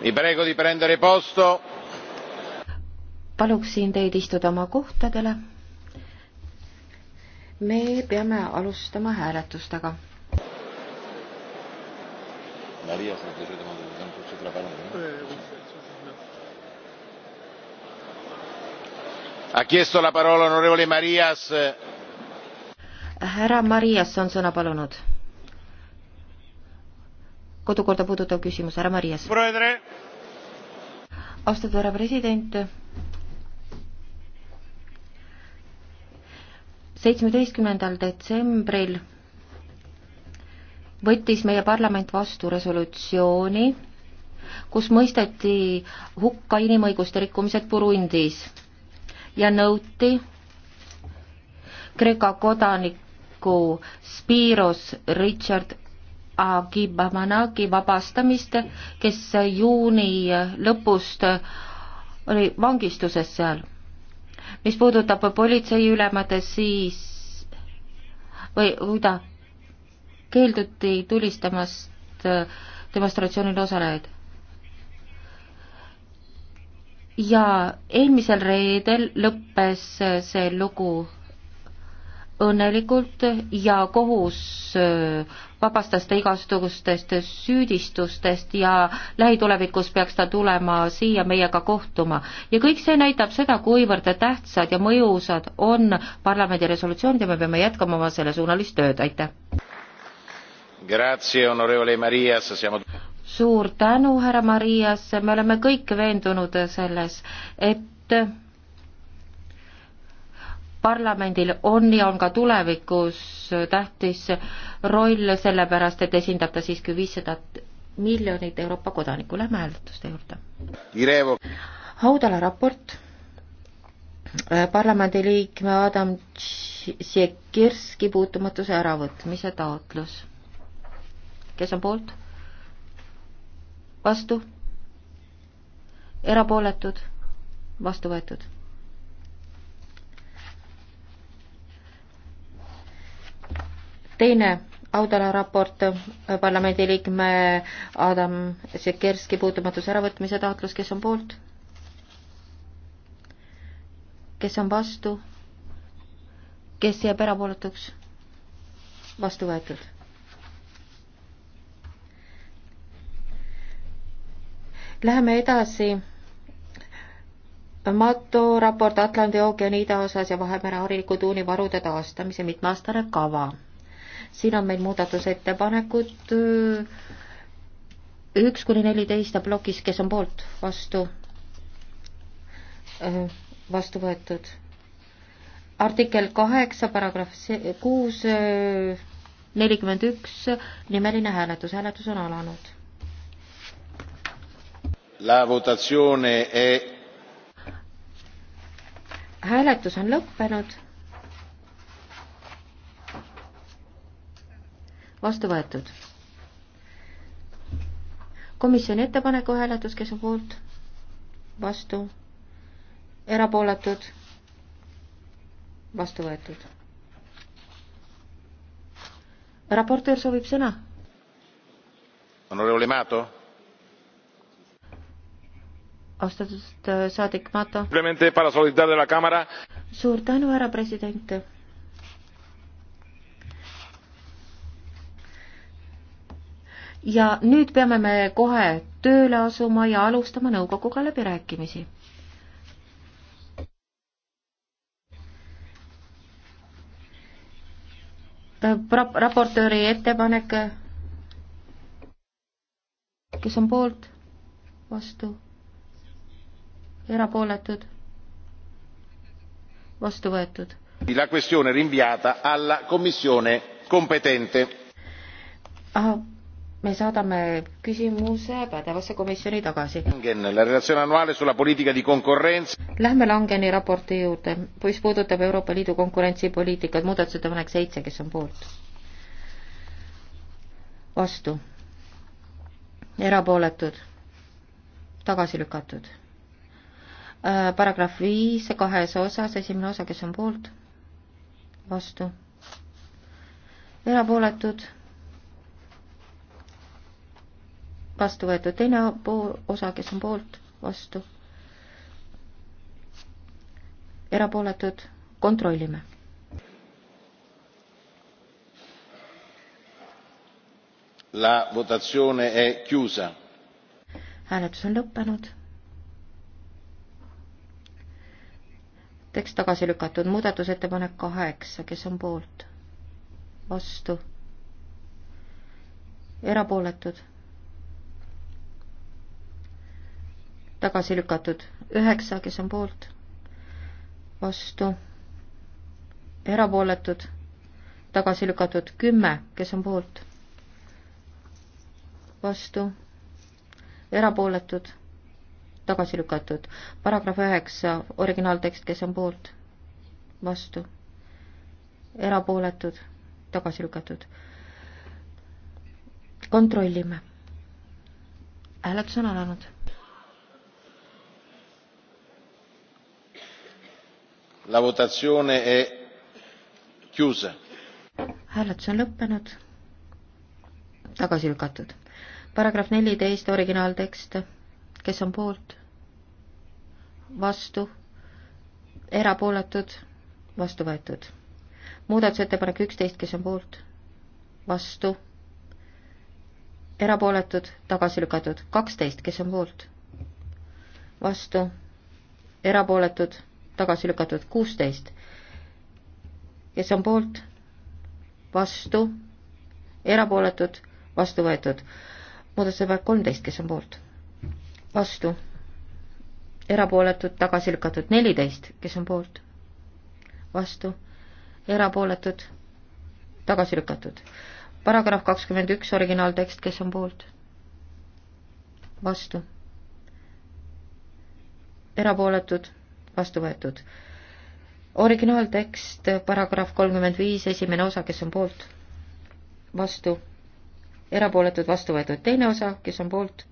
vi prego di prendere posto. paluksin teid istuda oma kohtadele. me peame alustama hääletustega. Maria, sa oled seda mõelnud, et on kutsutud ära palun. ha chiesto la parola onorevole marias härra marias on sõna palunud kodukorda puudutav küsimus, härra Marias. austatud härra president. seitsmeteistkümnendal detsembril võttis meie parlament vastu resolutsiooni, kus mõisteti hukka inimõiguste rikkumised Burundis ja nõuti Kreeka kodaniku Spiros Richard Akiba Managi vabastamist, kes juuni lõpust oli vangistuses seal. mis puudutab politseiülemat, siis või kui ta keelduti tulistamast äh, demonstratsioonil osalejaid. ja eelmisel reedel lõppes see lugu õnnelikult ja kohus äh, vabastas ta igasugustest süüdistustest ja lähitulevikus peaks ta tulema siia meiega kohtuma. ja kõik see näitab seda, kuivõrd tähtsad ja mõjusad on parlamendi resolutsioonid ja me peame jätkama oma sellesuunalist tööd, aitäh! suur tänu, härra Marias, me oleme kõik veendunud selles, et parlamendil on ja on ka tulevikus tähtis roll, sellepärast et esindab ta siiski viissadat miljonit Euroopa kodanikku. Lähme hääletuste juurde. Haudala raport äh, parlamendiliikme Adam Tšekirski puutumatuse äravõtmise taotlus. kes on poolt? vastu? erapooletud? vastu võetud? teine Audala raport äh, parlamendiliikme Adam Sekerski puutumatuse äravõtmise taotlus, kes on poolt? kes on vastu? kes jääb erapooletuks? vastu võetud. Läheme edasi. Mato raport Atlandi ookeani idaosas ja Vahemere hariliku tuuni varude taastamise mitmeaastane kava siin on meil muudatusettepanekud üks kuni neliteist ja plokis, kes on poolt, vastu, vastu võetud. artikkel kaheksa, paragrahv kuus, nelikümmend üks, nimeline hääletus, hääletus on alanud. La votazione è hääletus on lõppenud vastu võetud. komisjoni ettepaneku hääletus, kes on poolt, vastu, erapooletud, vastu võetud. raportöör soovib sõna. Honorable Mato. austatud äh, saadik Mato. suur tänu, härra president ja nüüd peame me kohe tööle asuma ja alustama nõukoguga läbirääkimisi. Rap-, raportööri ettepanek, kes on poolt, vastu, erapooletud, vastu võetud. la questione rinviata alla commissione competente me saadame küsimuse pädevasse komisjoni tagasi. Lähme Langeni raporti juurde, mis puudutab Euroopa Liidu konkurentsipoliitikat, muudatusettepanek seitse, kes on poolt? vastu? erapooletud? tagasi lükatud? Äh, paragrahv viis kahes osas, esimene osa, kes on poolt? vastu? erapooletud? vastu võetud teine pool, osa, kes on poolt, vastu. erapooletud, kontrollime. La votazione è chiusa. hääletus on lõppenud. tekst tagasi lükatud, muudatusettepanek kaheksa, kes on poolt? vastu. erapooletud tagasi lükatud. üheksa, kes on poolt, vastu, erapooletud, tagasi lükatud. kümme, kes on poolt, vastu, erapooletud, tagasi lükatud. paragrahv üheksa, originaaltekst, kes on poolt, vastu, erapooletud, tagasi lükatud. kontrollime. hääletus on alanud la votazione è chiusa hääletus on lõppenud tagasi lükatud paragrahv neliteist originaaltekst kes on poolt vastu erapooletud vastu võetud muudatusettepanek üksteist kes on poolt vastu erapooletud tagasi lükatud kaksteist kes on poolt vastu erapooletud tagasi lükatud kuusteist. kes on poolt, vastu, erapooletud, vastu võetud. muudatusettepanek kolmteist, kes on poolt, vastu, erapooletud, tagasi lükatud, neliteist, kes on poolt, vastu, erapooletud, tagasi lükatud. paragrahv kakskümmend üks, originaaltekst, kes on poolt, vastu erapooletud vastu võetud. originaaltekst, paragrahv kolmkümmend viis, esimene osa, kes on poolt, vastu, erapooletud, vastu võetud, teine osa, kes on poolt,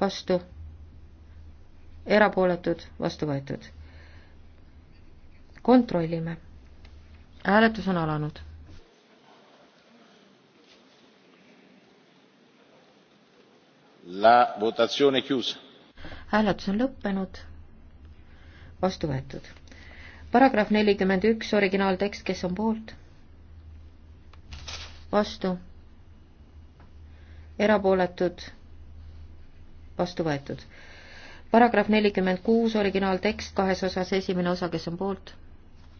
vastu, erapooletud, vastu võetud. kontrollime. hääletus on alanud. La votazione chiusa. hääletus on lõppenud vastu võetud. paragrahv nelikümmend üks, originaaltekst, kes on poolt? vastu. erapooletud, vastu võetud. paragrahv nelikümmend kuus, originaaltekst kahes osas, esimene osa, kes on poolt?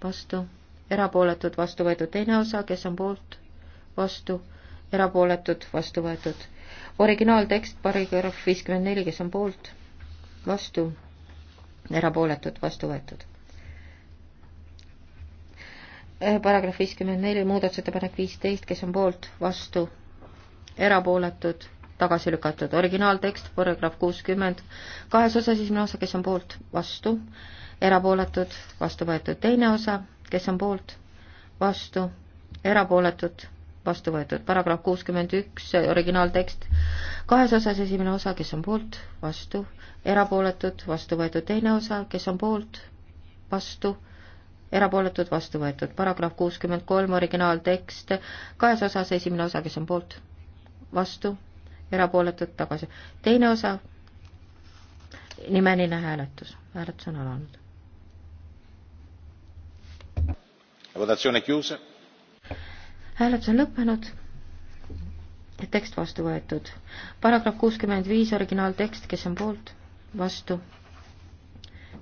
vastu. erapooletud, vastu võetud, teine osa, kes on poolt? vastu. erapooletud, vastu võetud. originaaltekst, paragrahv viiskümmend neli, kes on poolt? vastu erapooletud, vastu võetud. Äh, paragrahv viiskümmend neli, muudatusettepanek viisteist, kes on poolt, vastu, erapooletud, tagasi lükatud. originaaltekst, paragrahv kuuskümmend, kahes osas esimene osa, kes on poolt, vastu, erapooletud, vastu võetud. teine osa, kes on poolt, vastu, erapooletud, vastu võetud. paragrahv kuuskümmend üks, originaaltekst, kahes osas esimene osa, kes on poolt, vastu, erapooletud, vastu võetud, teine osa, kes on poolt, vastu, erapooletud, vastu võetud. paragrahv kuuskümmend kolm, originaaltekst, kahes osas esimene osa, kes on poolt, vastu, erapooletud, tagasi. teine osa, nimeline hääletus, hääletus on alanud. votatsioone chiuse hääletus on lõppenud. tekst vastu võetud. paragrahv kuuskümmend viis, originaaltekst, kes on poolt, vastu,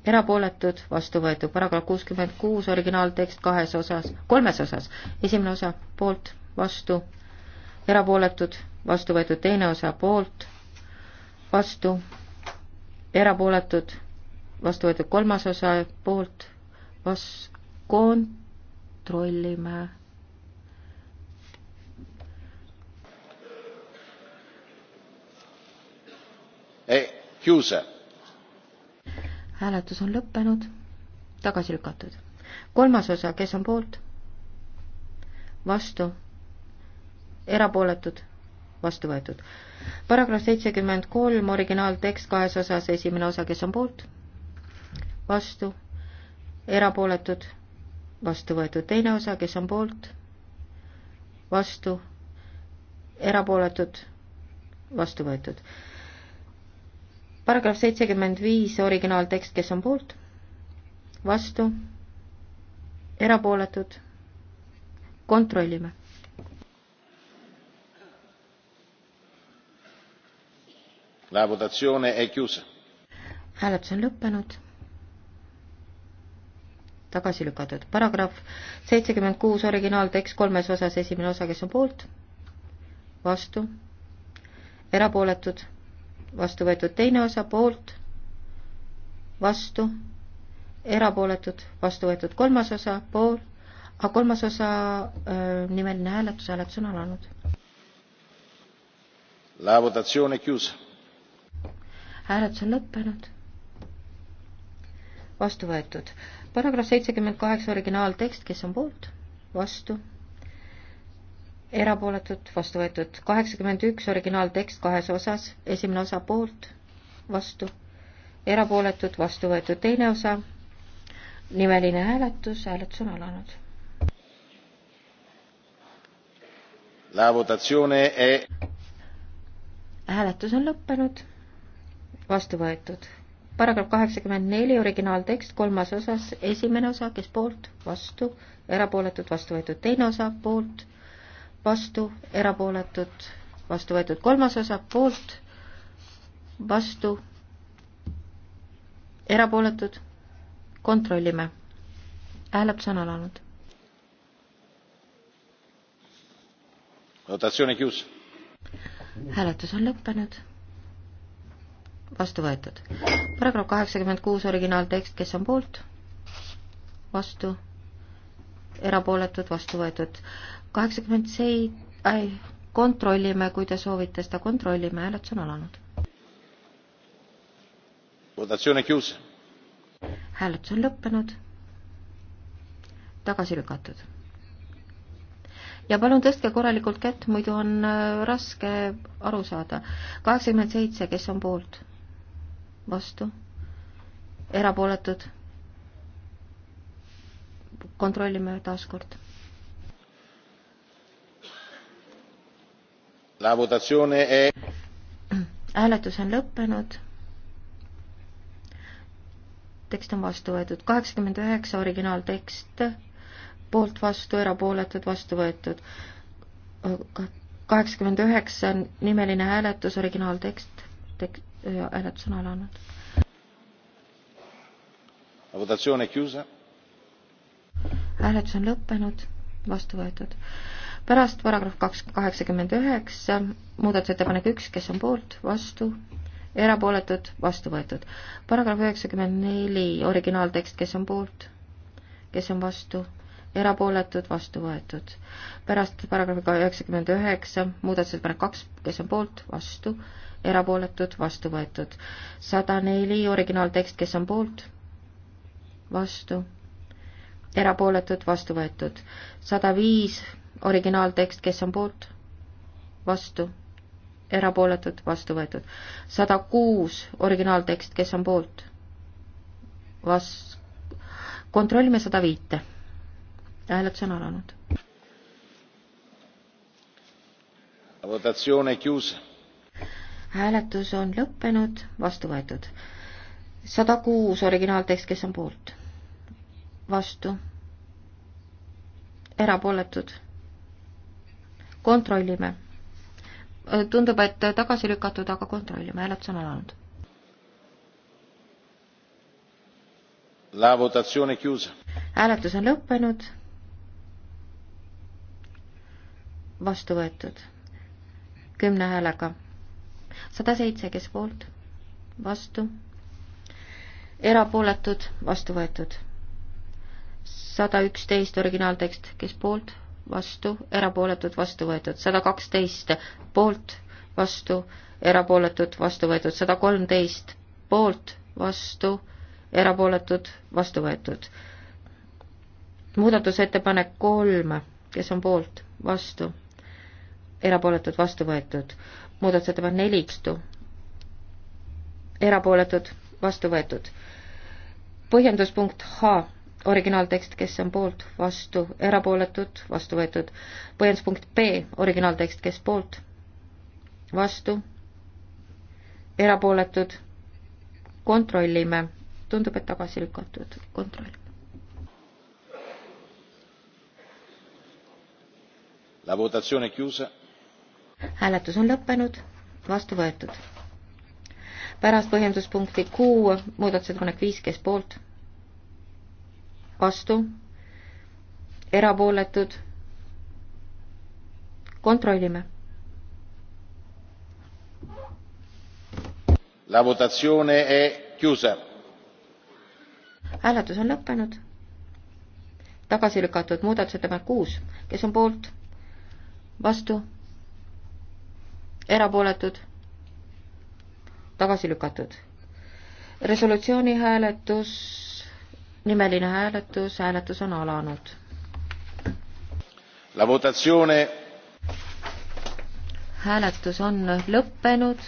erapooletud, vastu võetud. paragrahv kuuskümmend kuus, originaaltekst kahes osas, kolmes osas. esimene osa poolt, vastu, erapooletud, vastu võetud. teine osa poolt, vastu, erapooletud, vastu võetud. kolmas osa poolt, vas-, kontrollime chiuse. hääletus on lõppenud, tagasi lükatud. kolmas osa, kes on poolt? vastu, erapooletud, vastu võetud. paragrahv seitsekümmend kolm, originaaltekst kahes osas, esimene osa, kes on poolt? vastu, erapooletud, vastu võetud. teine osa, kes on poolt? vastu, erapooletud, vastu võetud paragrahv seitsekümmend viis, originaaltekst, kes on poolt, vastu, erapooletud, kontrollime la votazione è chiusa hääletus on lõppenud tagasi lükatud paragrahv seitsekümmend kuus originaaltekst kolmes osas esimene osa kes on poolt vastu erapooletud vastu võetud teine osa poolt, vastu, erapooletud, vastu võetud kolmas osa pool, aga kolmas osa öö, äh, nimeline hääletus, hääletus on alanud. hääletus on lõppenud. vastu võetud. paragrahv seitsekümmend kaheksa originaaltekst, kes on poolt, vastu erapooletud, vastu võetud kaheksakümmend üks, originaaltekst kahes osas, esimene osa poolt, vastu, erapooletud, vastu võetud teine osa, nimeline hääletus, hääletus on alanud. La votazione è e... hääletus on lõppenud, vastu võetud. paragrahv kaheksakümmend neli, originaaltekst kolmas osas, esimene osa, kes poolt, vastu, erapooletud, vastu võetud teine osa, poolt vastu, erapooletud, vastu võetud kolmas osa, poolt, vastu, erapooletud, kontrollime. hääletus on alanud. hääletus on lõppenud vastu võetud. paragrahv kaheksakümmend kuus originaaltekst, kes on poolt? vastu? erapooletud, vastu võetud kaheksakümmend seit-, ai, kontrollime, kui te soovite seda, kontrollime, hääletus on alanud. hääletus on lõppenud, tagasi lükatud. ja palun tõstke korralikult kätt, muidu on äh, raske aru saada. kaheksakümmend seitse, kes on poolt? vastu? erapooletud? kontrollime taaskord hääletus on lõppenud. tekst on vastu võetud, kaheksakümmend üheksa originaaltekst, poolt vastu, erapooletud, vastu võetud. kaheksakümmend üheksa nimeline hääletus, originaaltekst, tek-, hääletus on alanud. hääletus on lõppenud, vastu võetud pärast paragrahv kaks, kaheksakümmend üheksa, muudatusettepanek üks, kes on poolt, vastu, erapooletud, vastu võetud. paragrahv üheksakümmend neli, originaaltekst, kes on poolt, kes on vastu, erapooletud, vastu võetud. pärast paragrahvi üheksakümmend üheksa, muudatusettepanek kaks, kes on poolt, vastu, erapooletud, vastu võetud. sada neli, originaaltekst, kes on poolt, vastu, erapooletud, vastu võetud. sada viis, originaaltekst, kes on poolt, vastu, erapooletud, vastu võetud. sada kuus, originaaltekst, kes on poolt, vas-, kontrollime sada viite. hääletus on alanud. hääletus on lõppenud, vastu võetud. sada kuus, originaaltekst, kes on poolt, vastu erapooletud kontrollime. Äh, tundub, et tagasi lükatud, aga kontrollime, hääletus on alanud. hääletus on lõppenud. vastu võetud kümne häälega. sada seitse, kes poolt, vastu, erapooletud, vastu võetud. sada üksteist originaaltekst, kes poolt vastu, erapooletud, vastu võetud, sada kaksteist poolt, vastu, erapooletud, vastu võetud, sada kolmteist poolt, vastu, erapooletud, vastu võetud. muudatusettepanek kolm, kes on poolt, vastu, erapooletud, vastu võetud. muudatusettepanek neli, erapooletud, vastu võetud. põhjenduspunkt H originaaltekst, kes on poolt, vastu, erapooletud, vastu võetud. põhjenduspunkt B, originaaltekst, kes poolt, vastu, erapooletud, kontrollime. tundub, et tagasi lükatud, kontroll. La votazione chiusa. hääletus on lõppenud, vastu võetud. pärast põhjenduspunkti Q muudatusettepanek viis, kes poolt vastu, erapooletud. kontrollime. La votazione è chiusa. hääletus on lõppenud. tagasi lükatud muudatusettepanek kuus, kes on poolt, vastu, erapooletud, tagasi lükatud. resolutsiooni hääletus nimeline hääletus, hääletus on alanud. La votazione. hääletus on lõppenud.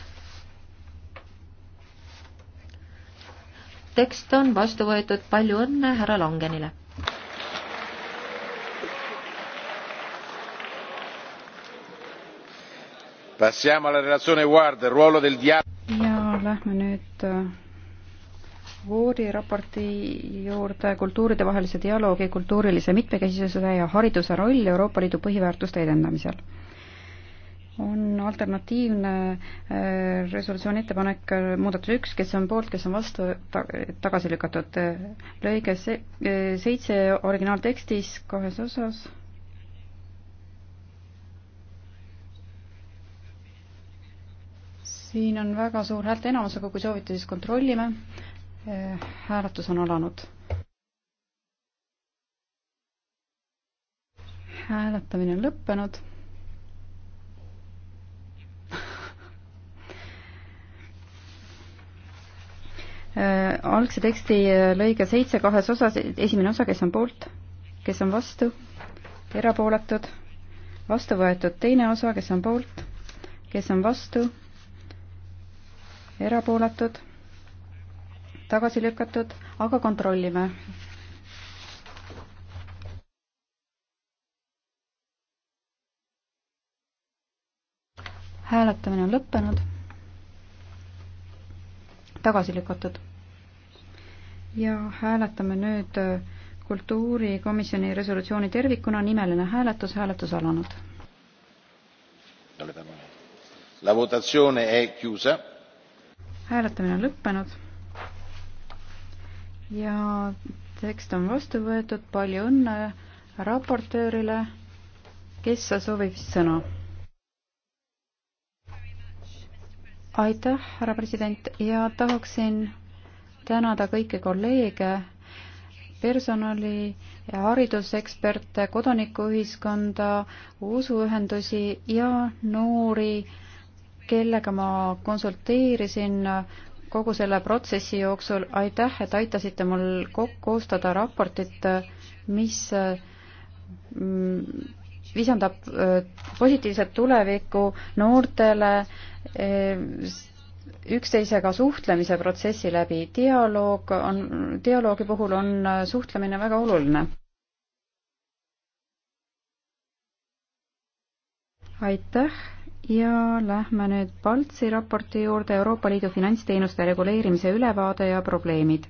tekst on vastu võetud, palju õnne härra Langenile. ja lähme nüüd äh, Voori raporti juurde kultuuridevahelise dialoogi kultuurilise mitmekesisuse ja hariduse roll Euroopa Liidu põhiväärtuste edendamisel. on alternatiivne äh, resolutsiooni ettepanek äh, muudatus üks, kes on poolt, kes on vastu ta,, tagasi lükatud. lõige se-, äh, seitse originaaltekstis kahes osas siin on väga suur häälte enamus, aga kui soovite, siis kontrollime. Eh, hääletus on alanud. hääletamine on lõppenud eh, algse teksti lõige seitse kahes osas, esimene osa, kes on poolt, kes on vastu, erapooletud, vastu võetud, teine osa, kes on poolt, kes on vastu, erapooletud, tagasi lükatud, aga kontrollime. hääletamine on lõppenud. tagasi lükatud. ja hääletame nüüd kultuurikomisjoni resolutsiooni tervikuna, nimeline hääletus, hääletus alanud. La votazione è chiusa. Hääletamine on lõppenud ja tekst on vastu võetud, palju õnne raportöörile, kes soovib sõna? aitäh, härra president ja tahaksin tänada kõiki kolleege, personali ja hariduseksperte, kodanikuühiskonda, usuühendusi ja noori, kellega ma konsulteerisin kogu selle protsessi jooksul, aitäh, et aitasite mul koostada raportit, mis mm, visandab äh, positiivset tulevikku noortele äh, üksteisega suhtlemise protsessi läbi. dialoog on, dialoogi puhul on äh, suhtlemine väga oluline. aitäh ja lähme nüüd Paltsi raporti juurde Euroopa Liidu finantsteenuste reguleerimise ülevaade ja probleemid.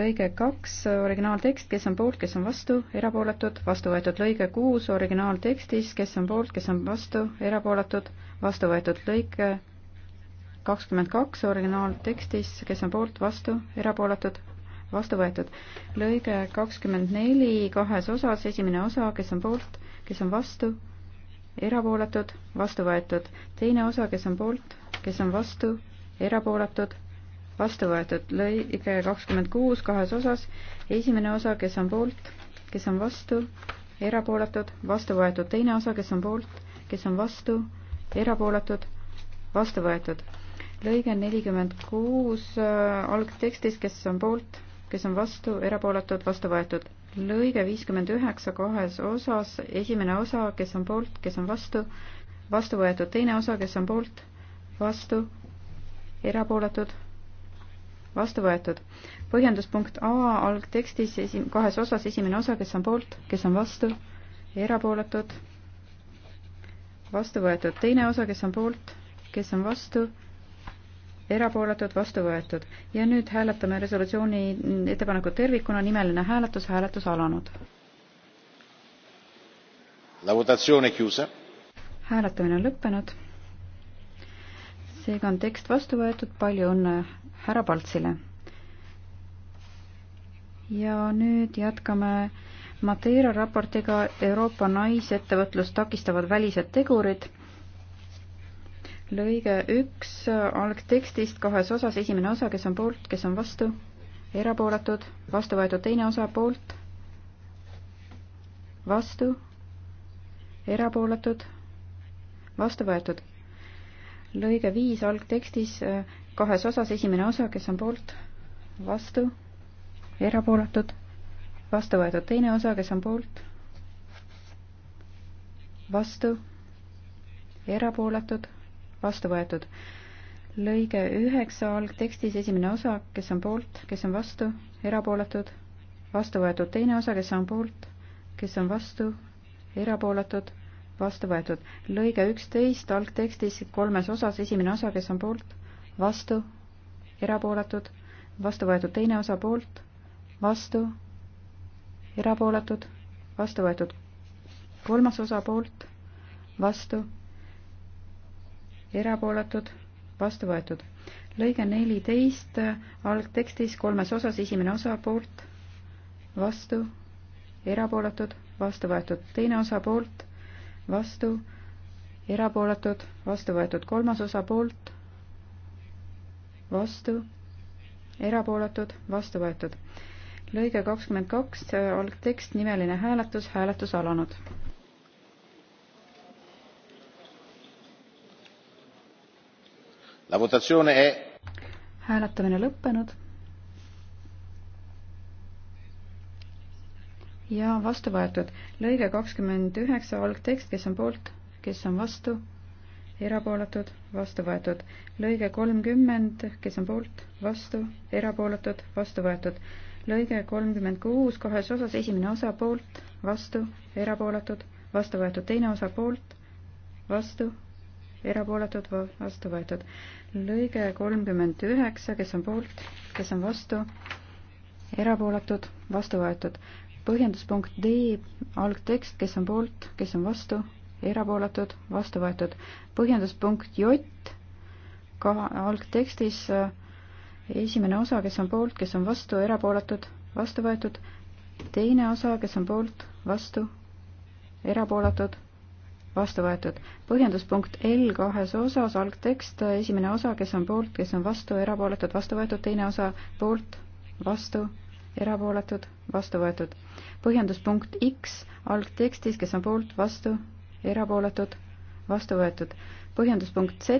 lõige kaks, originaaltekst, kes on poolt, kes on vastu, erapooletud, vastu võetud. lõige kuus, originaaltekstis, kes on poolt, kes on vastu, erapooletud, vastu võetud. lõike kakskümmend kaks, originaaltekstis, kes on poolt, vastu, erapooletud, vastu võetud. lõige kakskümmend neli kahes osas, esimene osa, kes on poolt, kes on vastu erapooletud, vastu võetud. teine osa, kes on poolt, kes on vastu, erapooletud, vastu võetud. lõige kakskümmend kuus kahes osas. esimene osa, kes on poolt, kes on vastu, erapooletud, vastu võetud. teine osa, kes on poolt, kes on vastu, erapooletud, vastu võetud. lõige nelikümmend kuus äh, algtekstis, kes on poolt, kes on vastu, erapooletud, vastu võetud lõige viiskümmend üheksa kahes osas, esimene osa, kes on poolt, kes on vastu, vastu võetud, teine osa, kes on poolt, vastu, erapooletud, vastu võetud. põhjenduspunkt A algtekstis esi-, kahes osas, esimene osa, kes on poolt, kes on vastu, erapooletud, vastu võetud, teine osa, kes on poolt, kes on vastu, erapooletud, vastu võetud. ja nüüd hääletame resolutsiooni ettepanekut tervikuna, nimeline hääletus, hääletus alanud. hääletamine on lõppenud. seega on tekst vastu võetud, palju õnne härra Paltsile. ja nüüd jätkame Mateira raportiga Euroopa naisettevõtlust takistavad välised tegurid lõige üks algtekstist kahes osas, esimene osa, kes on poolt, kes on vastu, erapooletud, vastu võetud teine osa poolt, vastu, erapooletud, vastu võetud. lõige viis algtekstis eh, kahes osas, esimene osa, kes on poolt, vastu, erapooletud, vastu võetud teine osa, kes on poolt, vastu, erapooletud vastu võetud. lõige üheksa algtekstis esimene osa, kes on poolt, kes on vastu, erapooletud, vastu võetud teine osa, kes on poolt, kes on vastu, erapooletud, vastu võetud. lõige üksteist algtekstis kolmes osas esimene osa, kes on poolt, vastu, erapooletud, vastu võetud teine osa poolt, vastu, erapooletud, vastu võetud kolmas osa poolt, vastu erapooletud, vastu võetud. lõige neliteist algtekstis kolmes osas, esimene osa poolt, vastu, erapooletud, vastu võetud, teine osa poolt, vastu, erapooletud, vastu võetud, kolmas osa poolt, vastu, erapooletud, vastu võetud. lõige kakskümmend kaks algtekst, nimeline hääletus, hääletus alanud hääletamine lõppenud. ja vastu võetud lõige kakskümmend üheksa algtekst, kes on poolt, kes on vastu, erapooletud, vastu võetud. lõige kolmkümmend, kes on poolt, vastu, erapooletud, vastu võetud. lõige kolmkümmend kuus kahes osas, esimene osa poolt, vastu, erapooletud, vastu võetud, teine osa poolt, vastu, erapooletud, vastu võetud lõige kolmkümmend üheksa, kes on poolt, kes on vastu, erapooletud, vastu võetud. põhjenduspunkt D, algtekst, kes on poolt, kes on vastu, erapooletud, vastu võetud. põhjenduspunkt J, ka algtekstis esimene osa, kes on poolt, kes on vastu, erapooletud, vastu võetud. teine osa, kes on poolt, vastu, erapooletud, vastu võetud. põhjenduspunkt L kahes osas, algtekst, esimene osa, kes on poolt, kes on vastu, erapooletud, vastu võetud, teine osa poolt, vastu, erapooletud, vastu võetud. põhjenduspunkt X algtekstis, kes on poolt, vastu, erapooletud, vastu võetud. põhjenduspunkt Z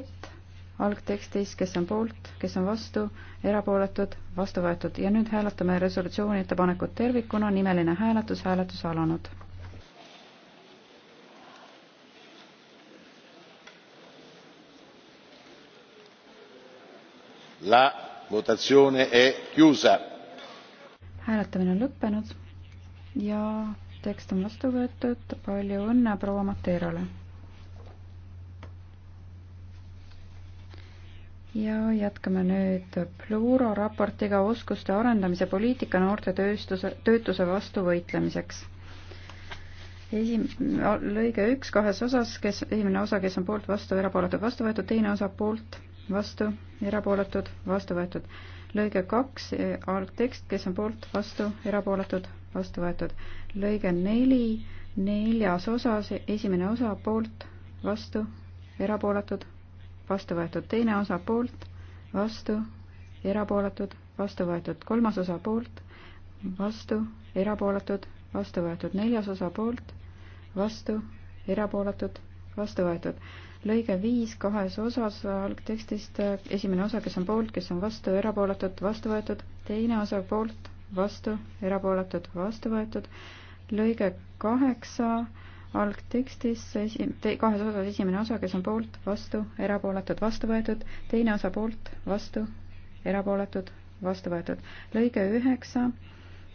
algtekstis, kes on poolt, kes on vastu, erapooletud, vastu võetud ja nüüd hääletame resolutsiooni ettepanekut tervikuna, nimeline hääletus, hääletus alanud la votazione è chiusa hääletamine on lõppenud ja tekst on vastu võetud palju õnne proua Materale ja jätkame nüüd Plura raportiga oskuste arendamise poliitika noorte tööstuse töötuse vastu võitlemiseks esim-, lõige üks kahes osas, kes, esimene osa, kes on poolt, vastu, erapooletud, vastu võetud, teine osa poolt, vastu, erapooletud, vastu võetud. lõige kaks, eh, algtekst, kes on poolt, vastu, erapooletud, vastu võetud. lõige neli, neljas osas, esimene osa poolt, vastu, erapooletud, vastu võetud. teine osa poolt, vastu, erapooletud, vastu võetud. kolmas osa poolt, vastu, erapooletud, vastu võetud. neljas osa poolt, vastu, erapooletud vastu võetud. lõige viis kahes osas algtekstist, esimene osa, kes on poolt, kes on vastu, erapooletud, vastu võetud, teine osa poolt, vastu, erapooletud, vastu võetud, lõige kaheksa algtekstis esi-, te-, kahes osas esimene osa, kes on poolt, vastu, erapooletud, vastu võetud, teine osa poolt, vastu, erapooletud, vastu võetud. lõige üheksa,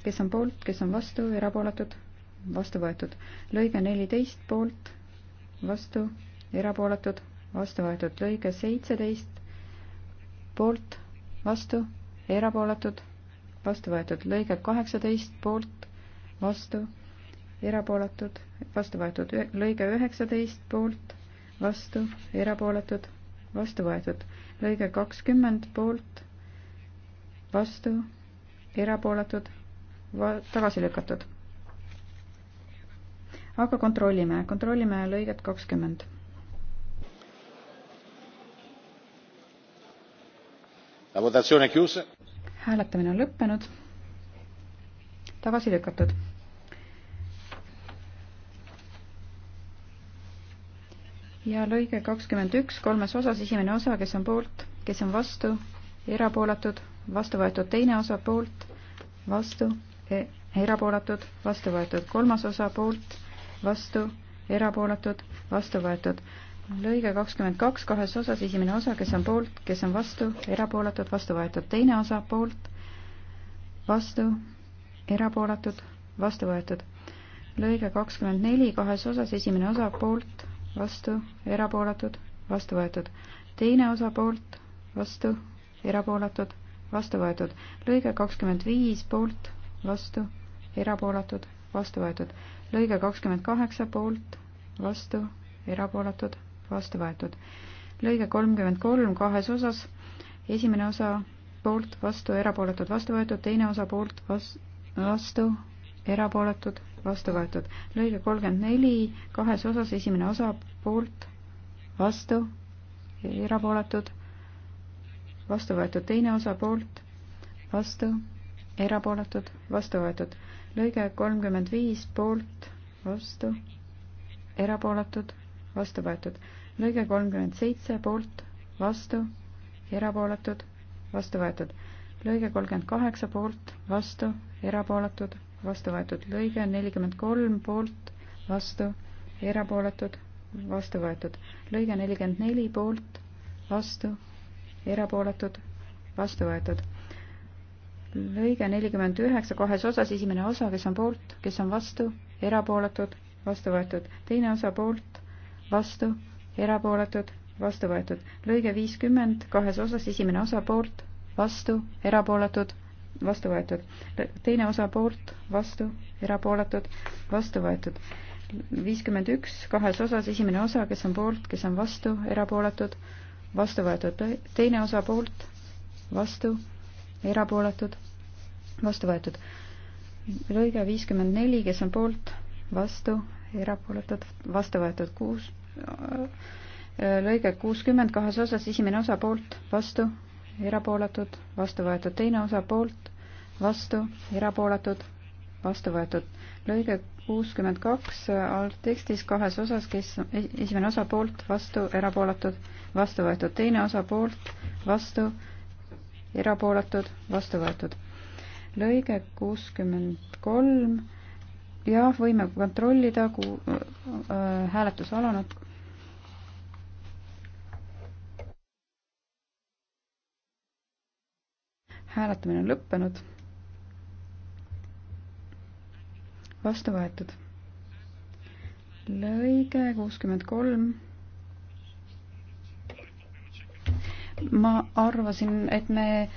kes on poolt, kes on vastu, erapooletud, vastu võetud. lõige neliteist poolt, vastu, erapooletud, vastu võetud lõige seitseteist, poolt, vastu, erapooletud, vastu võetud lõige kaheksateist, poolt, vastu, erapooletud, vastu võetud lõige üheksateist, poolt, vastu, erapooletud, vastu võetud lõige kakskümmend, poolt, vastu, erapooletud, tagasi lükatud aga kontrollime, kontrollime lõiget kakskümmend. hääletamine on lõppenud. tagasi lükatud. ja lõige kakskümmend üks kolmes osas, esimene osa, kes on poolt, kes on vastu, erapooletud, vastu võetud teine osa poolt, vastu e, erapooletud, vastu võetud kolmas osa poolt vastu, erapooletud, vastu võetud. lõige kakskümmend kaks kahes osas, esimene osa, kes on poolt, kes on vastu, erapooletud, vastu võetud. teine osa poolt, vastu, erapooletud, vastu võetud. lõige kakskümmend neli kahes osas, esimene osa poolt, vastu, erapooletud, vastu võetud. teine osa poolt, vastu, erapooletud, vastu võetud. lõige kakskümmend viis poolt, vastu, erapooletud, vastu võetud lõige kakskümmend kaheksa poolt, vastu, erapooletud, vastu võetud. lõige kolmkümmend kolm kahes osas, esimene osa poolt, vastu, erapooletud, vastu võetud, teine osa poolt, vastu, erapooletud, vastu võetud. lõige kolmkümmend neli kahes osas, esimene osa poolt, vastu, erapooletud, vastu võetud, teine osa poolt, vastu, erapooletud, vastu võetud lõige kolmkümmend viis poolt, vastu, erapooletud, vastu võetud. lõige kolmkümmend seitse poolt, vastu, erapooletud, vastu võetud. lõige kolmkümmend kaheksa poolt, vastu, erapooletud, vastu võetud. lõige nelikümmend kolm poolt, vastu, erapooletud, vastu võetud. lõige nelikümmend neli poolt, vastu, erapooletud, vastu võetud lõige nelikümmend üheksa kahes osas, esimene osa, kes on poolt, kes on vastu, erapooletud, vastu võetud, teine osa poolt, vastu, erapooletud, vastu võetud, lõige viiskümmend kahes osas, esimene osa poolt, vastu, erapooletud, vastu võetud, teine osa poolt, vastu, erapooletud, vastu võetud, viiskümmend üks kahes osas, esimene osa, kes on poolt, kes on vastu, erapooletud, vastu võetud, teine osa poolt, vastu, erapooletud, vastu võetud. lõige viiskümmend neli, kes on poolt, vastu, erapooletud, vastu võetud kuus, lõige kuuskümmend kahes osas, esimene osa poolt, vastu, erapooletud, vastu võetud, teine osa poolt, vastu, erapooletud, vastu võetud. lõige kuuskümmend kaks algtekstis kahes osas, kes esimene osa poolt, vastu, erapooletud, vastu võetud, teine osa poolt, vastu, erapooletud, vastu võetud. lõige kuuskümmend kolm, jah, võime kontrollida, kui äh, äh, hääletus alanud. hääletamine on lõppenud. vastu võetud. lõige kuuskümmend kolm ma arvasin, et me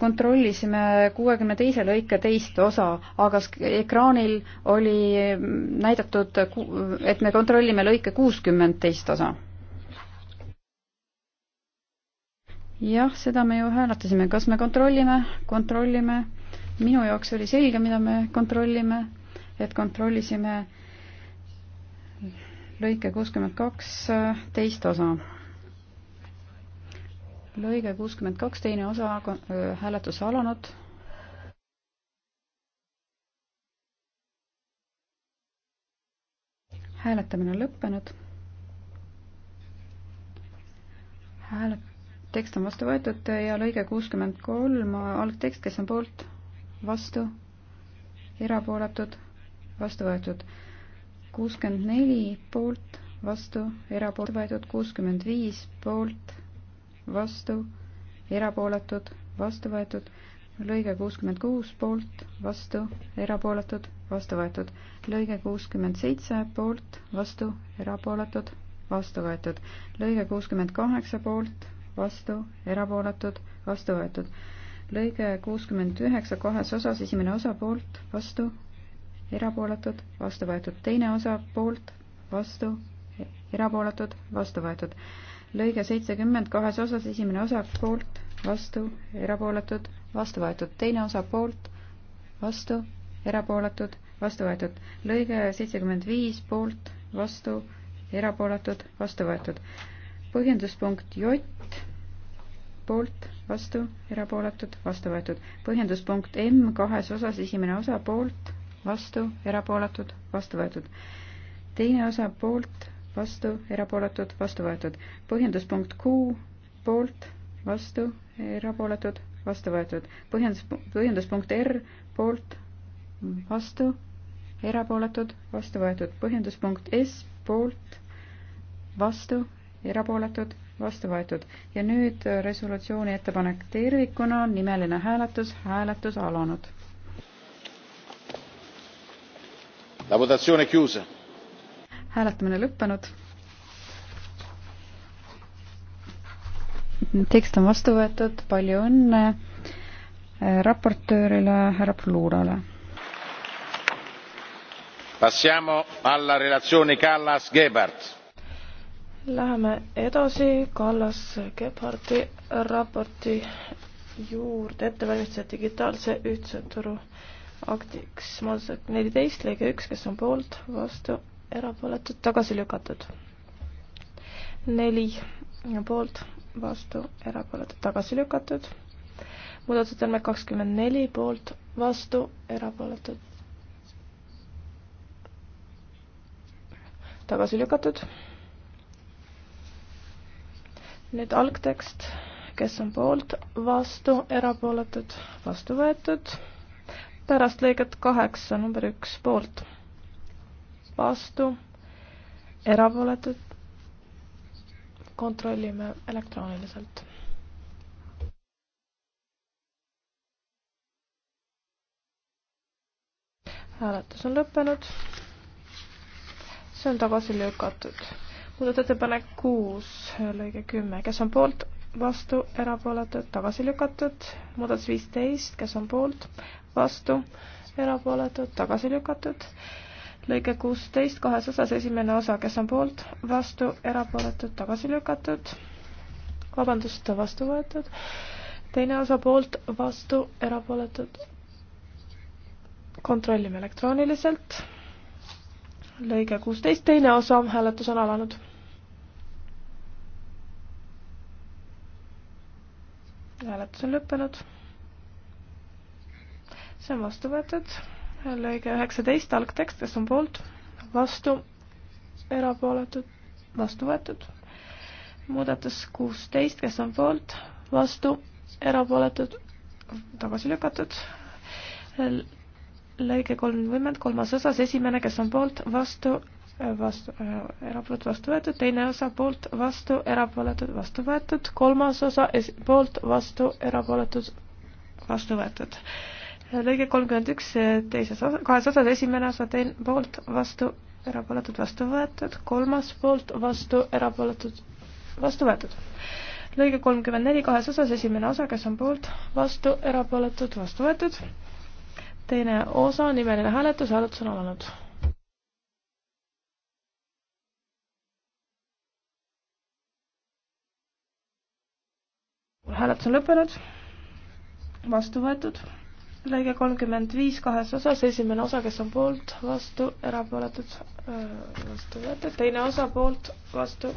kontrollisime kuuekümne teise lõike teist osa, aga ekraanil oli näidatud, et me kontrollime lõike kuuskümmend teist osa. jah, seda me ju hääletasime, kas me kontrollime, kontrollime, minu jaoks oli selge, mida me kontrollime, et kontrollisime lõike kuuskümmend kaks teist osa lõige kuuskümmend kaks, teine osa, hääletus alanud. hääletamine on lõppenud. hääle, tekst on vastu võetud ja lõige kuuskümmend kolm, algtekst, kes on poolt, vastu, erapooletud, vastu võetud. kuuskümmend neli poolt, vastu, erapoolt võetud, kuuskümmend viis poolt vastu, erapooletud, vastu võetud, lõige kuuskümmend kuus poolt, vastu, erapooletud, vastu võetud, lõige kuuskümmend seitse poolt, vastu, erapooletud, vastu võetud, lõige kuuskümmend kaheksa poolt, vastu, erapooletud, vastu võetud, lõige kuuskümmend üheksa kahes osas, esimene osa poolt, vastu, erapooletud, vastu võetud, teine osa poolt, vastu, erapooletud, vastu võetud lõige seitsekümmend kahes osas, esimene osa poolt, vastu, erapooletud, vastu võetud, teine osa poolt, vastu, erapooletud, vastu võetud, lõige seitsekümmend viis poolt, vastu, erapooletud, vastu võetud. põhjenduspunkt J poolt, vastu, erapooletud, vastu võetud. põhjenduspunkt M kahes osas, esimene osa poolt, vastu, erapooletud, vastu võetud. teine osa poolt, vastu, erapooletud, vastu võetud. põhjenduspunkt Q poolt, vastu, erapooletud, vastu võetud. põhjendus, põhjenduspunkt R poolt, vastu, erapooletud, vastu võetud. põhjenduspunkt S poolt, vastu, erapooletud, vastu võetud. ja nüüd resolutsiooni ettepanek tervikuna, nimeline hääletus, hääletus alanud. La votazione è chiusa hääletamine lõppenud. tekst on vastu võetud, palju õnne äh, raportöörile härra Plurale. Passiamo alla relatsiooni Kallas Gebhardt. Läheme edasi Kallas Gebhardti raporti juurde ettevalmistada digitaalse ühtse turu aktiks. ma olen neliteist lõige üks, kes on poolt, vastu erapooletud, tagasi lükatud. neli poolt, vastu, erapooletud, tagasi lükatud. muudatusettepanek kakskümmend neli poolt, vastu, erapooletud. tagasi lükatud. nüüd algtekst, kes on poolt, vastu, erapooletud, vastu võetud. pärast lõiget kaheksa, number üks, poolt vastu, erapooletud. kontrollime elektrooniliselt. hääletus on lõppenud. see on tagasi lükatud. muudatusettepanek kuus, lõige kümme, kes on poolt, vastu, erapooletud, tagasi lükatud. muudatus viisteist, kes on poolt, vastu, erapooletud, tagasi lükatud lõige kuusteist kahes osas, esimene osa, kes on poolt, vastu, erapooletud, tagasi lükatud, vabandust, vastu võetud, teine osa poolt, vastu, erapooletud. kontrollime elektrooniliselt. lõige kuusteist, teine osa, hääletus on alanud. hääletus on lõppenud. see on vastu võetud lõige üheksateist, algtekst, kes on poolt, vastu, erapooletud, vastu võetud. muudatus kuusteist, kes on poolt, vastu, erapooletud, tagasi lükatud. lõige kolmkümmend, kolmas osas, esimene, kes on poolt, vastu, äh, vastu äh,, erapooletud, vastu võetud, teine osa poolt, vastu, erapooletud, vastu võetud, kolmas osa es-, poolt, vastu, erapooletud, vastu võetud lõige kolmkümmend üks teises osa, kahes osas, esimene osa teen poolt, vastu, erapooletud, vastu võetud, kolmas poolt, vastu, erapooletud, vastu võetud. lõige kolmkümmend neli kahes osas, esimene osa, kes on poolt, vastu, erapooletud, vastu võetud, teine osa, nimeline hääletus, hääletus on alanud. hääletus on lõppenud, vastu võetud lõige kolmkümmend viis kahes osas, esimene osa, kes on poolt, vastu, erapooletud, äh, vastu võetud, teine osa poolt, vastu,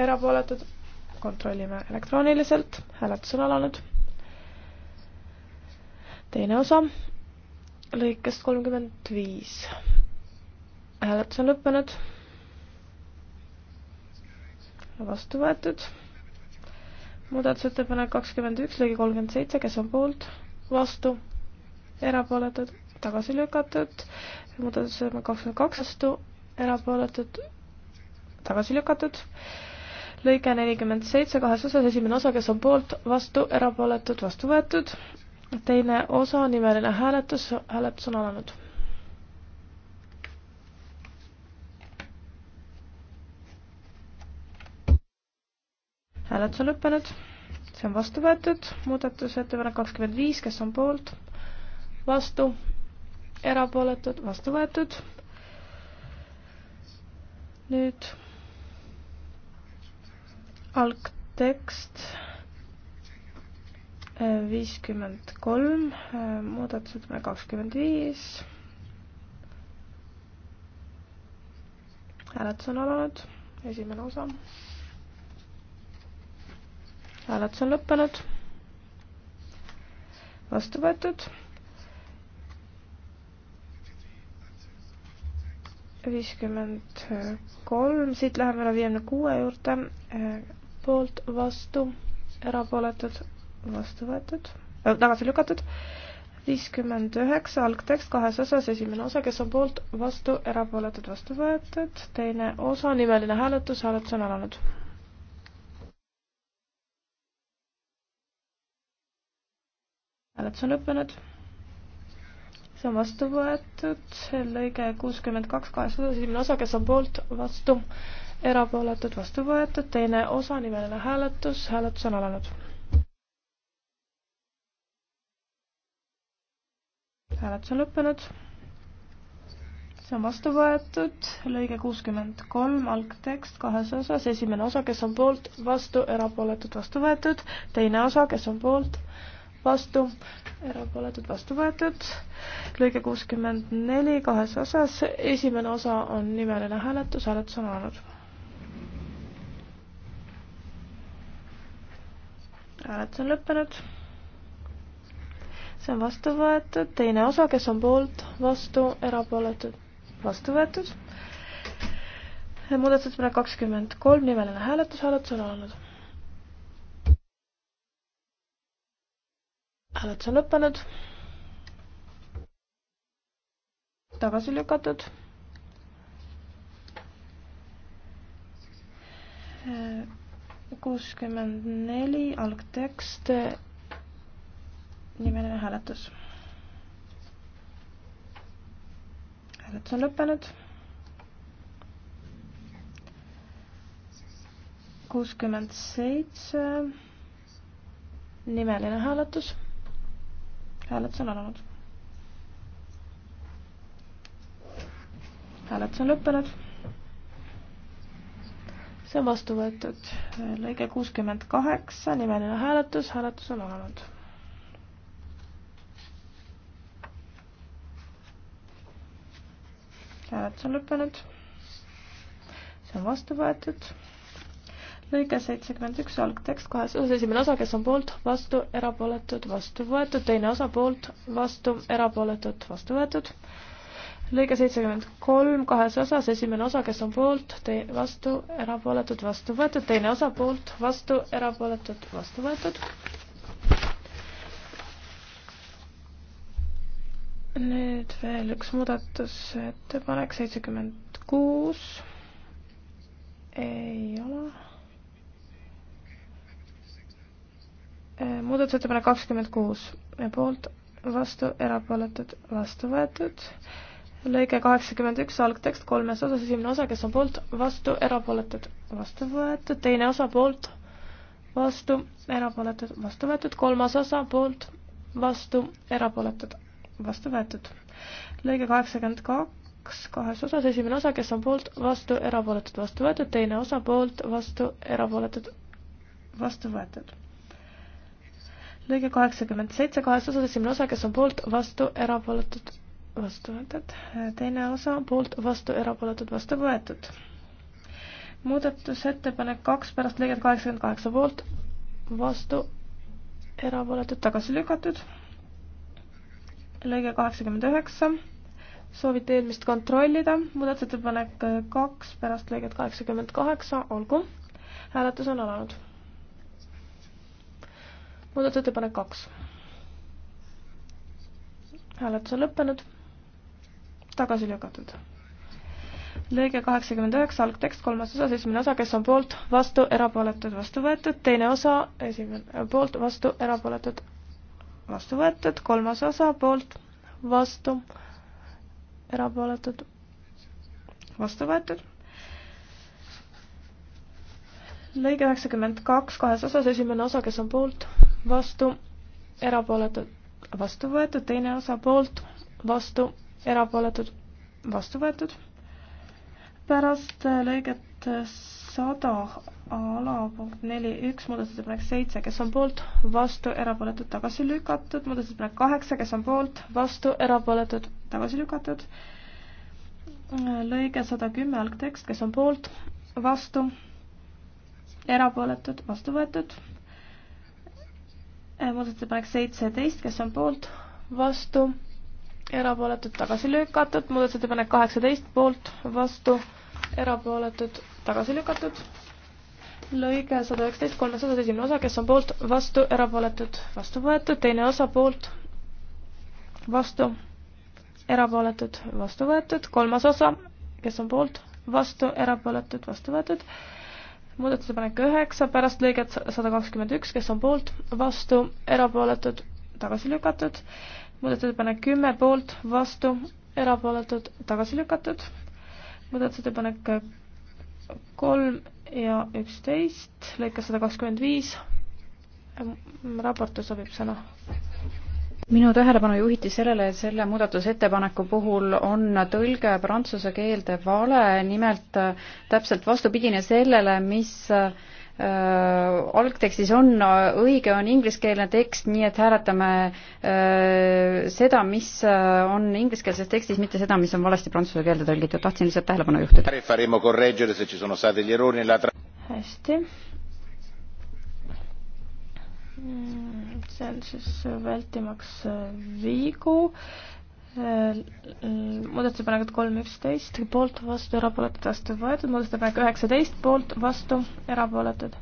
erapooletud, kontrollime elektrooniliselt, hääletus on alanud. teine osa lõikest kolmkümmend viis. hääletus on lõppenud. vastu võetud muudatusettepanek kakskümmend üks, lõige kolmkümmend seitse, kes on poolt, vastu, erapooletud, tagasi lükatud, muudatusettepanek kakskümmend kaks, vastu, erapooletud, tagasi lükatud, lõige nelikümmend seitse, kahes osas, esimene osa, kes on poolt, vastu, erapooletud, vastu võetud, teine osa, nimeline hääletus, hääletus on alanud hääletus on lõppenud, see on vastu võetud, muudatusettepanek kakskümmend viis, kes on poolt, vastu, erapooletud, vastu võetud. nüüd algtekst äh, viiskümmend kolm, äh, muudatusettepanek kakskümmend viis. hääletus on alanud, esimene osa hääletus on lõppenud. vastu võetud. viiskümmend kolm, siit läheme üle viiekümne kuue juurde. poolt, vastu, erapooletud, vastu võetud äh,, tagasi lükatud viiskümmend üheksa, algtekst kahes osas, esimene osa, kes on poolt, vastu, erapooletud, vastu võetud, teine osa, nimeline hääletus, hääletus on alanud hääletus on lõppenud. see on vastu võetud, lõige kuuskümmend kaks, kaheksakümmend esimene osa, kes on poolt, vastu, erapooletud, vastu võetud, teine osa, nimeline hääletus, hääletus on alanud. hääletus on lõppenud. see on vastu võetud, lõige kuuskümmend kolm, algtekst kahes osas, esimene osa, kes on poolt, vastu, erapooletud, vastu võetud, teine osa, kes on poolt, vastu, erapooletud vastu võetud. lõige kuuskümmend neli kahes osas, esimene osa on nimeline hääletus, hääletus on alanud. hääletus on lõppenud. see on vastu võetud, teine osa, kes on poolt, vastu, erapooletud, vastu võetud. muudatusettepanek kakskümmend kolm, nimeline hääletus, hääletus on alanud hääletus on lõppenud. tagasi lükatud. kuuskümmend neli algtekst, nimeline hääletus. hääletus on lõppenud kuuskümmend seitse, nimeline hääletus hääletus on alanud. hääletus on lõppenud. see on vastu võetud. lõige kuuskümmend kaheksa, nimeline hääletus, hääletus on alanud. hääletus on lõppenud. see on vastu võetud lõige seitsekümmend üks, algtekst kahes osas, esimene osa, kes on poolt, vastu, erapooletud, vastu võetud, teine osa poolt, vastu, erapooletud, vastu võetud. lõige seitsekümmend kolm, kahes osas, esimene osa, kes on poolt, tee-, vastu, erapooletud, vastu võetud, teine osa poolt, vastu, erapooletud, vastu võetud. nüüd veel üks muudatusettepanek, seitsekümmend kuus. ei ole Äh, muudatusettepanek kakskümmend kuus äh, poolt, vastu, erapooletud, vastu võetud. lõige kaheksakümmend üks, algtekst kolmes osas, esimene osa, kes on poolt, vastu, erapooletud, vastu võetud, teine osa poolt, vastu, erapooletud, vastu võetud, kolmas osa poolt, vastu, erapooletud, vastu võetud. lõige kaheksakümmend kaks kaks, kahes osas, esimene osa, kes on poolt, vastu, erapooletud, vastu võetud, teine osa poolt, vastu, erapooletud, vastu võetud lõige kaheksakümmend seitse kahes osas, esimene osa, kes on poolt, vastu, erapooletud, vastu võetud, teine osa poolt, vastu, erapooletud, vastu võetud. muudatusettepanek kaks pärast lõiget kaheksakümmend kaheksa poolt, vastu, erapooletud, tagasi lükatud. lõige kaheksakümmend üheksa soovite eelmist kontrollida, muudatusettepanek kaks pärast lõiget kaheksakümmend kaheksa, olgu. hääletus on alanud muudatusettepanek kaks. hääletus on lõppenud. tagasi lükatud. lõige kaheksakümmend üheksa, algtekst, kolmas osa, esimene osa, kes on poolt, vastu, erapooletud, vastu võetud, teine osa, esimene, poolt, vastu, erapooletud, vastu võetud, kolmas osa, poolt, vastu, erapooletud, vastu võetud lõige üheksakümmend kaks kahes osas, esimene osa, kes on poolt, vastu, erapooletud, vastu võetud, teine osa poolt, vastu, erapooletud, vastu võetud. pärast äh, lõiget äh, sada alapoolt neli, üks muudatusettepanek seitse, kes on poolt, vastu, erapooletud, tagasi lükatud, muudatusettepanek kaheksa, kes on poolt, vastu, erapooletud, tagasi lükatud. Äh, lõige sada kümme algtekst, kes on poolt, vastu, erapooletud, vastu võetud Äh, muudatusettepanek seitseteist, kes on poolt, vastu, erapooletud, tagasi lükatud, muudatusettepanek kaheksateist, poolt, vastu, erapooletud, tagasi lükatud. lõige sada üksteist, kolmesada esimene osa, kes on poolt, vastu, erapooletud, vastu võetud, teine osa poolt, vastu, erapooletud, vastu võetud, kolmas osa, kes on poolt, vastu, erapooletud, vastu võetud muudatusepanek üheksa pärast lõiget sada kakskümmend üks, kes on poolt, vastu, erapooletud, tagasi lükatud. muudatusepanek kümme poolt, vastu, erapooletud, tagasi lükatud. muudatusettepanek kolm ja üksteist, lõikes sada kakskümmend viis. raport sobib sõna minu tähelepanu juhiti sellele, et selle muudatusettepaneku puhul on tõlge prantsuse keelde vale, nimelt äh, täpselt vastupidine sellele, mis äh, algtekstis on, äh, õige on ingliskeelne tekst, nii et hääletame äh, seda, mis äh, on ingliskeelses tekstis, mitte seda, mis on valesti prantsuse keelde tõlgitud, tahtsin lihtsalt tähelepanu juhtida. hästi mm see on siis vältimaks äh, viigu. Äh, muudatusettepanekud kolm, üksteist, poolt, vastu, erapooletud, vastu võetud, muudatusettepanek üheksateist, poolt, vastu, erapooletud,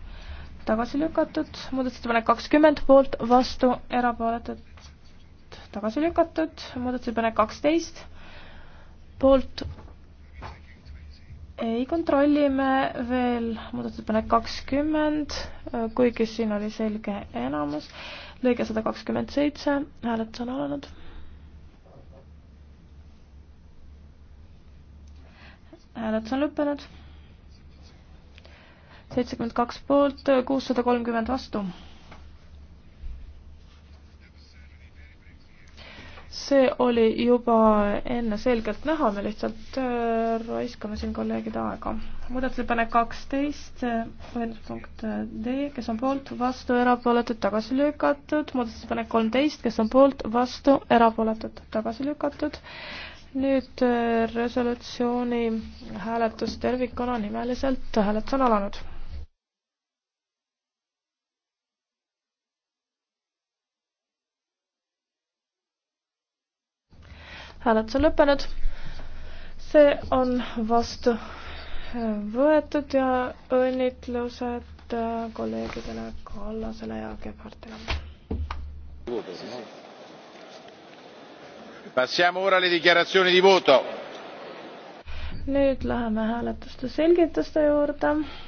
tagasi lükatud, muudatusettepanek kakskümmend, poolt, vastu, erapooletud, tagasi lükatud, muudatusettepanek kaksteist, poolt, ei, kontrollime veel muudatusettepanek kakskümmend, kuigi siin oli selge enamus. lõige sada kakskümmend seitse, hääletus on alanud. hääletus on lõppenud. seitsekümmend kaks poolt, kuussada kolmkümmend vastu see oli juba enne selgelt näha, me lihtsalt äh, raiskame siin kolleegide aega. muudatusettepanek kaksteist, äh, põhjenduspunkt äh, D, kes on poolt, vastu, erapooletud, tagasi lükatud, muudatusettepanek kolmteist, kes on poolt, vastu, erapooletud, tagasi lükatud nüüd resolutsiooni hääletus tervikuna nimeliselt, hääletus on alanud hääletus on lõppenud. see on vastu äh, võetud ja õnnitlused äh, kolleegidele Kallasele ja Gebhardile. Passiamo ora alle dichiarazioni di voto. nüüd läheme hääletuste selgituste juurde.